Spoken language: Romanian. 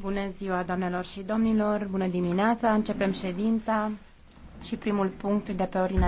Bună ziua, doamnelor și domnilor, bună dimineața, începem ședința și primul punct de pe ordinea